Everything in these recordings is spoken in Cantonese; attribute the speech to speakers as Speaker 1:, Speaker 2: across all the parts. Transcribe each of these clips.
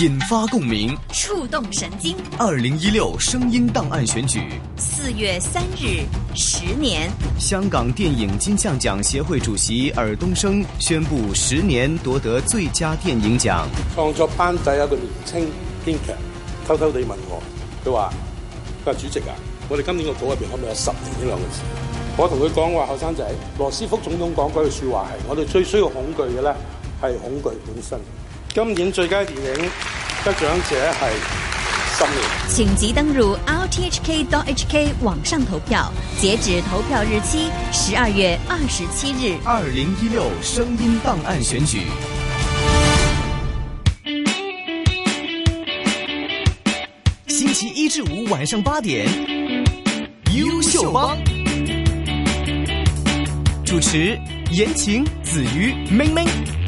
Speaker 1: 引發共鳴，
Speaker 2: 觸動神經。二
Speaker 1: 零一六聲音檔案選舉，
Speaker 2: 四月三日，十年。
Speaker 1: 香港電影金像獎協會主席爾冬升宣布，十年奪得最佳電影獎。
Speaker 3: 創作班底有個年青編劇，偷偷地問我，佢話：佢話主席啊，我哋今年個稿入邊可唔可以有十年呢兩個字？我同佢講，話，後生仔，羅斯福總統講嗰句說話係，我哋最需要恐懼嘅咧，係恐懼本身。今年最佳電影得獎者係《十年》。
Speaker 2: 請即登入 rthk.hk 網上投票，截止投票日期十二月
Speaker 1: 二十七日。二零一六聲音檔案選舉，星期一至五晚上八點，優秀幫主持，言情子瑜咩咩。明明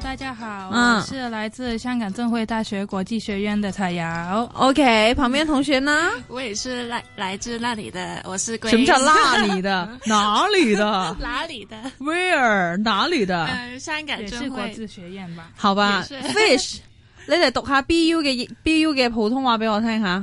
Speaker 4: 大家好、嗯，我是來自香港浸會大學國際學院的彩瑤。OK，旁邊同學呢？
Speaker 5: 我也是來來自那裡的，我是。什麼叫那裡， 裡，的 裡
Speaker 6: 的？哪裡的？
Speaker 5: 哪裡的
Speaker 6: ？Where？哪裡的？嗯，
Speaker 7: 香港浸會是國際學院吧。好吧，Fish，
Speaker 6: 你哋讀下 BU 嘅 B U 嘅普通話俾我聽下。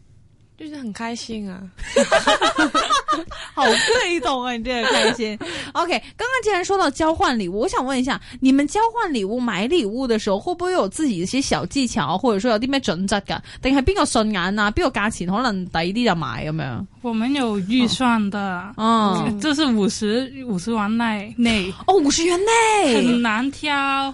Speaker 7: 就是很開心啊，
Speaker 6: 好被動啊，欸！你真的很開心。OK，剛剛既然說到交換禮物，我想問一下，你們交換禮物買禮物的時候，會不會有自己的一些小技巧，或者說有啲咩準則噶？定係邊個順眼啊？邊個價錢可能抵啲就買咁樣有冇？
Speaker 4: 我們有預算的、哦，嗯，就是五十五十元內內，哦，五十元內很難挑。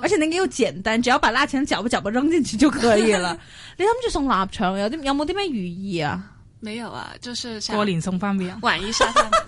Speaker 6: 而且那個又簡單，只要把臘腸攪巴攪巴扔進去就可以了。 你諗住送臘腸有啲有冇啲咩寓意啊？
Speaker 5: 沒有啊，就是
Speaker 4: 過年送翻俾
Speaker 5: 晚意沙灘。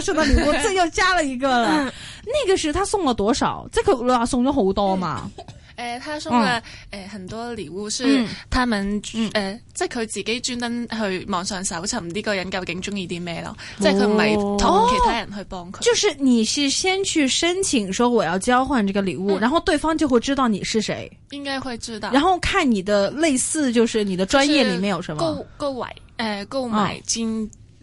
Speaker 6: 收到禮物，這又加了一個了。 那個是他送了多少？這個可送了好多嘛！哎、嗯
Speaker 5: 呃，他送了哎、嗯、很多禮物是，嗯他嗯呃就是他們哎，即係佢自己專登去網上搜尋呢個人究竟中意啲咩咯？即係佢唔係同其他人去幫佢、哦。就是
Speaker 6: 你是先去申請說我要交換這個禮物、嗯，然後對方就會知道你是誰，
Speaker 5: 應該會知道，然後
Speaker 6: 看你的類似，就是你的專業裏面有什麼購
Speaker 5: 購、就是、買，哎、呃，購買金、哦。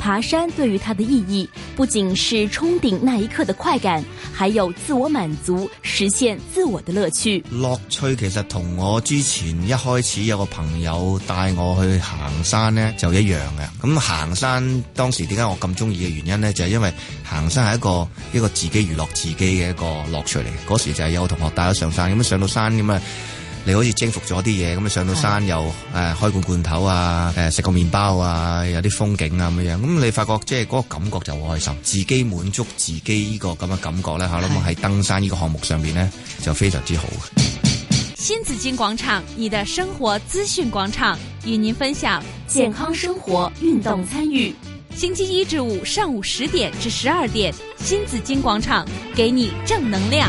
Speaker 2: 爬山對於他的意義，不僅是衝頂那一刻的快感，還有自我滿足、實現自我的樂趣。
Speaker 8: 樂趣其實同我之前一開始有個朋友帶我去行山咧，就一樣嘅。咁行山當時點解我咁中意嘅原因咧，就係因為行山係一個一個自己娛樂自己嘅一個樂趣嚟。嗰時就係有同學帶我上山，咁樣上到山咁啊。你好似征服咗啲嘢，咁啊上到山又誒開罐罐頭啊，誒食個麵包啊，有啲風景啊咁樣，咁你發覺即係嗰個感覺就好開心，自己滿足自己呢個咁嘅感覺咧，我諗喺登山呢個項目上邊咧就非常之好。
Speaker 2: 新紫金廣場，你的生活資訊廣場，與您分享健康生活、生活運動參與。星期一至五上午十點至十二點，新紫金廣場，給你正能量。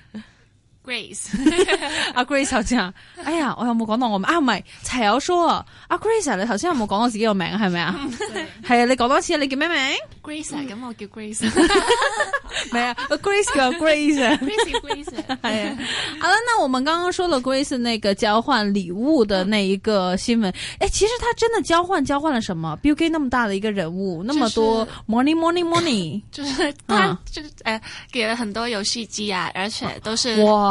Speaker 5: Grace，
Speaker 6: 阿、 啊、Grace 好似啊，哎呀，我有冇講到我啊？唔係齊友說啊，阿 Grace 你頭先有冇講到自己個名係咪啊？係 你講多次，你叫咩名？Grace，咁我叫
Speaker 5: Grace，
Speaker 6: 咩啊，阿 Grace 叫 Grace 啊，Grace Grace 係啊。好、啊、l
Speaker 5: Grace,
Speaker 6: 啊啊啊啊、那我們剛剛說了 Grace 那個交換禮物的那一個新聞，誒、嗯欸，其實他真的交換交換了什麼？Bill Gates 那麼大的一個人物，就是、那麼多 Morning Morning Morning， 就是，嗯、他
Speaker 5: 就誒、呃，給了很多遊戲機啊，而且都是哇。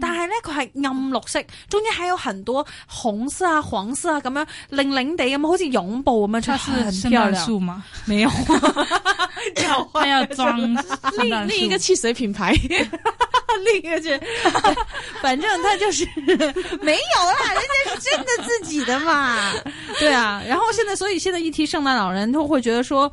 Speaker 6: 但係咧，佢係暗綠色，中間還有很多紅色啊、黃色啊樣，咁樣零零地咁樣，好似擁抱咁樣，就、啊、很漂亮。聖誕樹嘛，沒有要他要裝另另一個汽水品牌， 另一個 反正、就是，反正他就是沒有啦，人家是真的自己的嘛。 對啊，然後現在，所以現在一提聖誕老人，都會覺得說。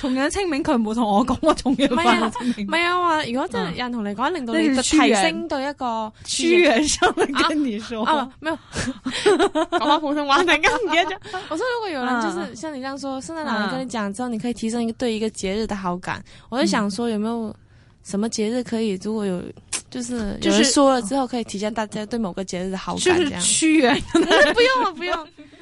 Speaker 7: 同樣清明佢冇同我講，我同樣。唔係、 嗯、啊，唔係啊，話如果真係有人同的、嗯、得你講，令到你提升對一個屈。屈原，上想跟你說。啊，啊啊沒有，搞普通話難講。你而家講，我說如果有人就是像你這樣說，聖誕老人跟你講之後，你可以提升一個對一個節日的好感。嗯、我就想說，有沒有什麼節日可以？如果有，就是就是說了之後，可以提升大家對某個節日的好感。這樣。就是、屈原、嗯 不 不用啊，不用，了不用。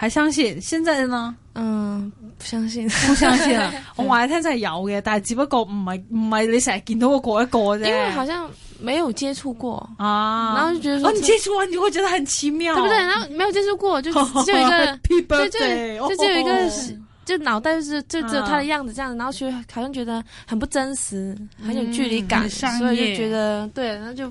Speaker 7: 還相信，現在呢？嗯，不相信，
Speaker 6: 不相信了、啊、 我話嚟聽就係有嘅，但是只不過唔係唔係你成日見到個個一個，因為好像
Speaker 7: 沒有接觸過啊，然後就覺得哦、啊，你接觸完你會覺得很奇妙，對不對？然後沒有接觸過就，就， 就，就，就， 就只有一個， 就就就只有一個，就腦袋就是就只有他的樣子這樣子，然後就，好像覺得很不真實，嗯、很有距離感，所以就覺得對，然後就。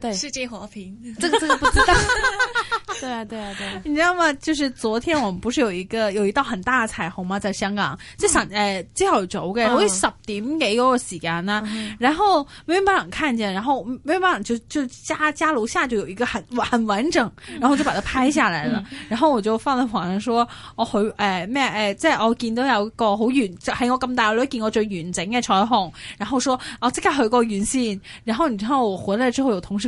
Speaker 7: 對世界和平， 這個這個不知道。 對啊，對啊，對啊。對啊，你知道嗎？
Speaker 6: 就是昨天我們不是有一個有一道很大的彩虹嗎？在香港，即、嗯、係上誒，即係好早嘅，嗯，好似十點幾嗰個時間啦，啊嗯。然後冇巴人看見，然後冇巴人就就家家樓下就有一個很很，很完整，然後就把它拍下來啦，嗯。然後我就放在網上說，嗯，我回誒咩誒，即、呃、係、呃就是、我見到有一個好完，喺、就是、我咁大我都見過最完整嘅彩虹。然後說，哦即刻去個遠先，然後，然後我回來之後有同事，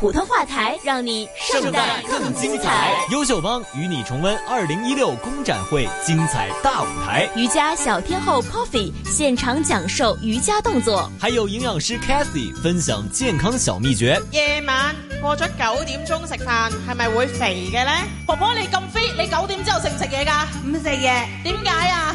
Speaker 2: 普通話台讓你聖誕，聖誕更精彩。
Speaker 3: 優秀幫與你重溫二零一六公展會精彩
Speaker 2: 大舞台。瑜伽小天后 Coffee 現場講授瑜伽動作，還有營
Speaker 1: 養師 Kathy 分享健康小秘訣。
Speaker 2: 夜晚過咗九點鐘食
Speaker 6: 飯，係咪會肥嘅咧？婆婆你咁 fit，你九點之後食唔食嘢噶？唔食嘢，點
Speaker 2: 解啊？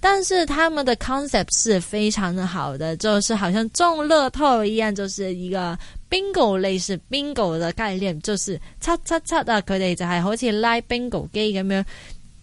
Speaker 9: 但是他們的 concept 是非常的好的，就是好像中樂透一樣，就是一個 bingo 類似 bingo 的概念，就是七七七啊，佢哋就係好似拉 bingo 機咁樣。